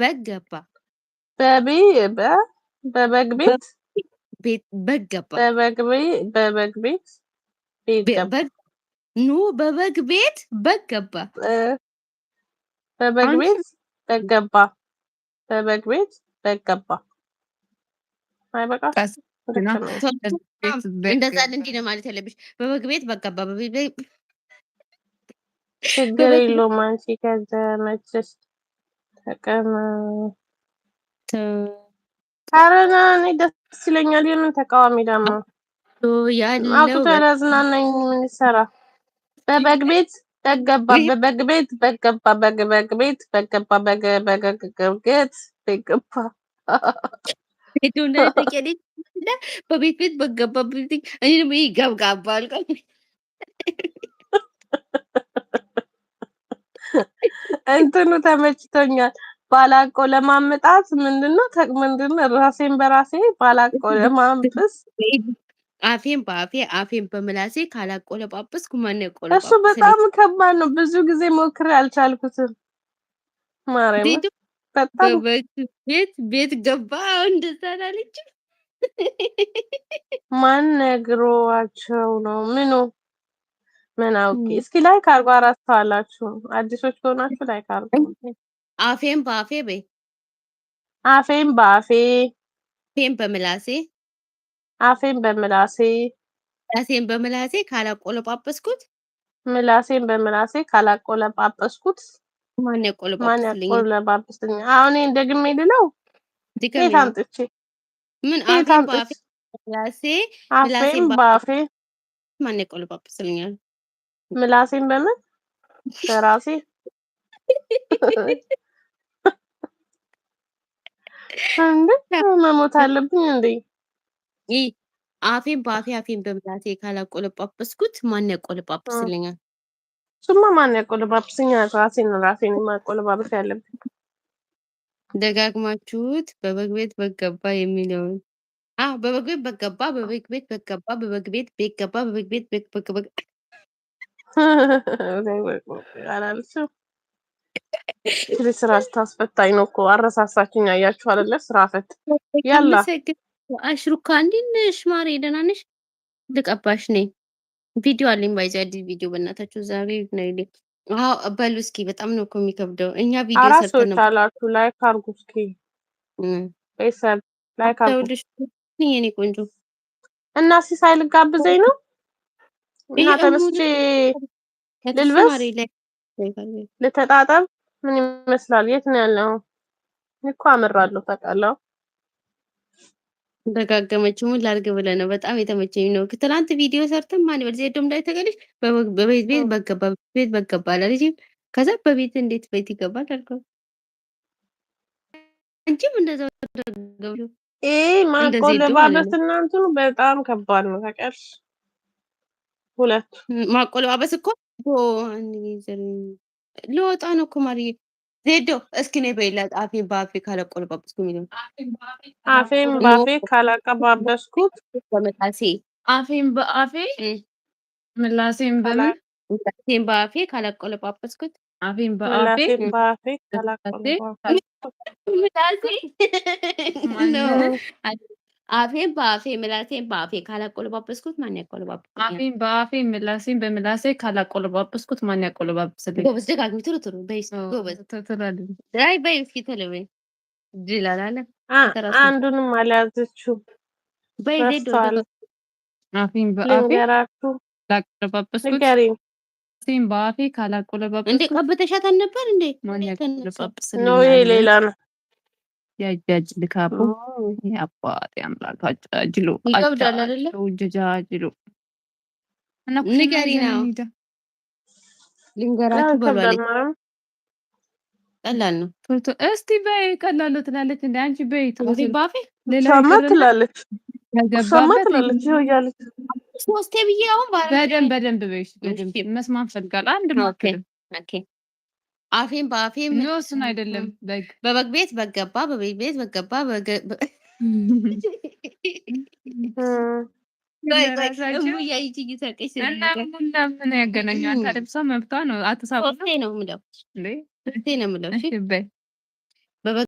በግ ገባ። በቤ በ በበግ ቤት ቤት በግ ገባ። በበግ ቤት በበግ ቤት ቤት ኑ በበግ ቤት በግ ገባ። በበግ ቤት በግ ገባ። በበግ ቤት በግ ገባ። አይበቃ እንደዛ እንዲህ ነው ማለት ያለብሽ። በበግ ቤት በግ ገባ። ችግር የለውም አንቺ ከዘመችሽ ተቀመጥ ኧረ ና እኔ ደስ ይለኛል። ይህንን ተቃዋሚ ደግሞ አውጥቶ ያላዝናናኝ ምን ይሰራ? በበግ ቤት በግ ገባ፣ በበግ ቤት በግ ገባ፣ በግ በግ ቤት በግ ገባ፣ በግ በግ ገግ ቤት በግ ገባ። ቤቱን ተቀደደ በቤት ቤት በግ ገባ። እኔ ገብጋባ አልቀኝ እንትኑ ተመችቶኛል። ባላቆ ለማመጣት ምንድነው ተቅ ምንድነው ራሴን በራሴ ባላቆ ለማምጥስ አፌን በአፌ አፌን በምላሴ ካላቆ ለጳጵስ ጉማን ቆ እሱ በጣም ከባድ ነው። ብዙ ጊዜ ሞክሬ አልቻልኩትም። ማርያም ቤት ቤት ገባ እንደዛላለች ማን ነግሮዋቸው ነው ምኑ ምን አውቄ። እስኪ ላይክ አርጎ አራት ሰው አላችሁ። አዲሶች ከሆናችሁ ላይክ አርጎ። አፌን በአፌ በይ። አፌን በአፌ አፌን በምላሴ አፌን በምላሴ ምላሴን በምላሴ ካላቆለጳጰስኩት ምላሴን በምላሴ ካላቆለጳጰስኩት ማን ያቆለጳጰስልኝ? አሁን ይሄን ደግሜ ልለው ጌት አምጥቼ ምን አፌን በአፌ ምላሴ ምላሴን በአፌ ማን ያቆለጳጰስልኛል? ምላሴን በምን በራሴ መሞት አለብኝ እንዴ? ይህ አፌን በአፌ አፌን በምላሴ ካላቆለጳጰስኩት ማን ያቆለጳጵስልኛል? እሱማ ማን ያቆለጳጵስኛል? ራሴን ራሴን ማቆለጳጰስ ያለብኝ ደጋግማችሁት በበግ ቤት በገባ የሚለውን በበግ ቤት በገባ በበግ ቤት በገባ በበግ ቤት በገባ በበግ ቤት በገባ አላለችም። ስራ ስታስፈታኝ ነው እኮ አረሳሳችኝ። አያችሁ አይደለ? ስራ ፈት ያላ አሽሩካ ማሬ? ደህና ነሽ? ልቀባሽ ነኝ። ቪዲዮ አለኝ። አዲስ ቪዲዮ በእናታችሁ ዛሬ ነው አዎ፣ በሉ እስኪ። በጣም ነው እኮ የሚከብደው። እኛ ቪዲዮ ሰርተን ነው አላችሁ። ላይክ እስኪ። ቤተሰብ ላይክ የኔ ቆንጆ። እና ሲሳይ ልጋብዘኝ ነው እና ተነስቼ ልልበስ ልተጣጠብ። ምን ይመስላል? የት ነው ያለው? እኮ አመራለሁ ታውቃለህ። ደጋገመች። ምን ላድርግ ብለህ ነው? በጣም የተመቸኝ ነው። ትናንት ቪዲዮ ሰርተን ማን ይበል ዜዶም ላይ ተገለች። በቤት ቤት በገባ ቤት በገባ አለች። ከዛ በቤት እንዴት ቤት ይገባል አልከው። አንቺም እንደዛው ደጋገምሽ። ይሄ ማቆለባበስ እናንቱ በጣም ከባድ ነው ታውቂያለሽ። ሁለቱ ማቆለባበስ እኮ ለወጣ ነው እኮ ማሪ ዜዶ እስኪ ነ በሌላ አፌን በአፌ ካላቆለባበስኩ የሚለውን አፌን በአፌ ካላቀባበስኩት በመጣሴ አፌን በአፌ ምላሴን በምላሴን በአፌ ካላቆለባበስኩት አፌን በአፌ በአፌ ምላሴ አፌን በአፌ ምላሴን በአፌ ካላቆለባበስኩት ማን ያቆለባብስልኛል? አፌን በአፌ ምላሴን በምላሴ ካላቆለባበስኩት ማን ያቆለባብስልኛል? ጎበዝ ደጋግሚ ትሩ ትሩ በይ በይ እስኪ ተለበ ጅል አላለም። አንዱንም አልያዘችው። በይ አፌን በአፌ ካላቆለባበስኩት ሴን በአፌ ካላቆለባበስኩት እንዴ ቀብተሻት አልነበር እንዴ? ማን ያቆለባብስልኛል? ነው ይሄ ሌላ ነው። የእጃጅል ካቦ አባት ያምላክ አጃጅሉ ጃጅሉ ንገሪ ነው ልንገራችሁ ቀላል ነው። እስቲ በይ ቀላሉ ትላለች እንደ አንቺ በይ ባፌ ሌላማ ትላለች ሶስቴ ብዬ አሁን በደንብ በደንብ በይ መስማት ፈልጋል አንድ ሞክር አፌን በአፌም ኖ አይደለም። በግ በበግ ቤት በገባ በበግ ቤት በገባ እና ምን ያገናኘዋል? ታድያ እሷ መብቷ ነው። አትሳቁ ነው ምለው ነው ምለው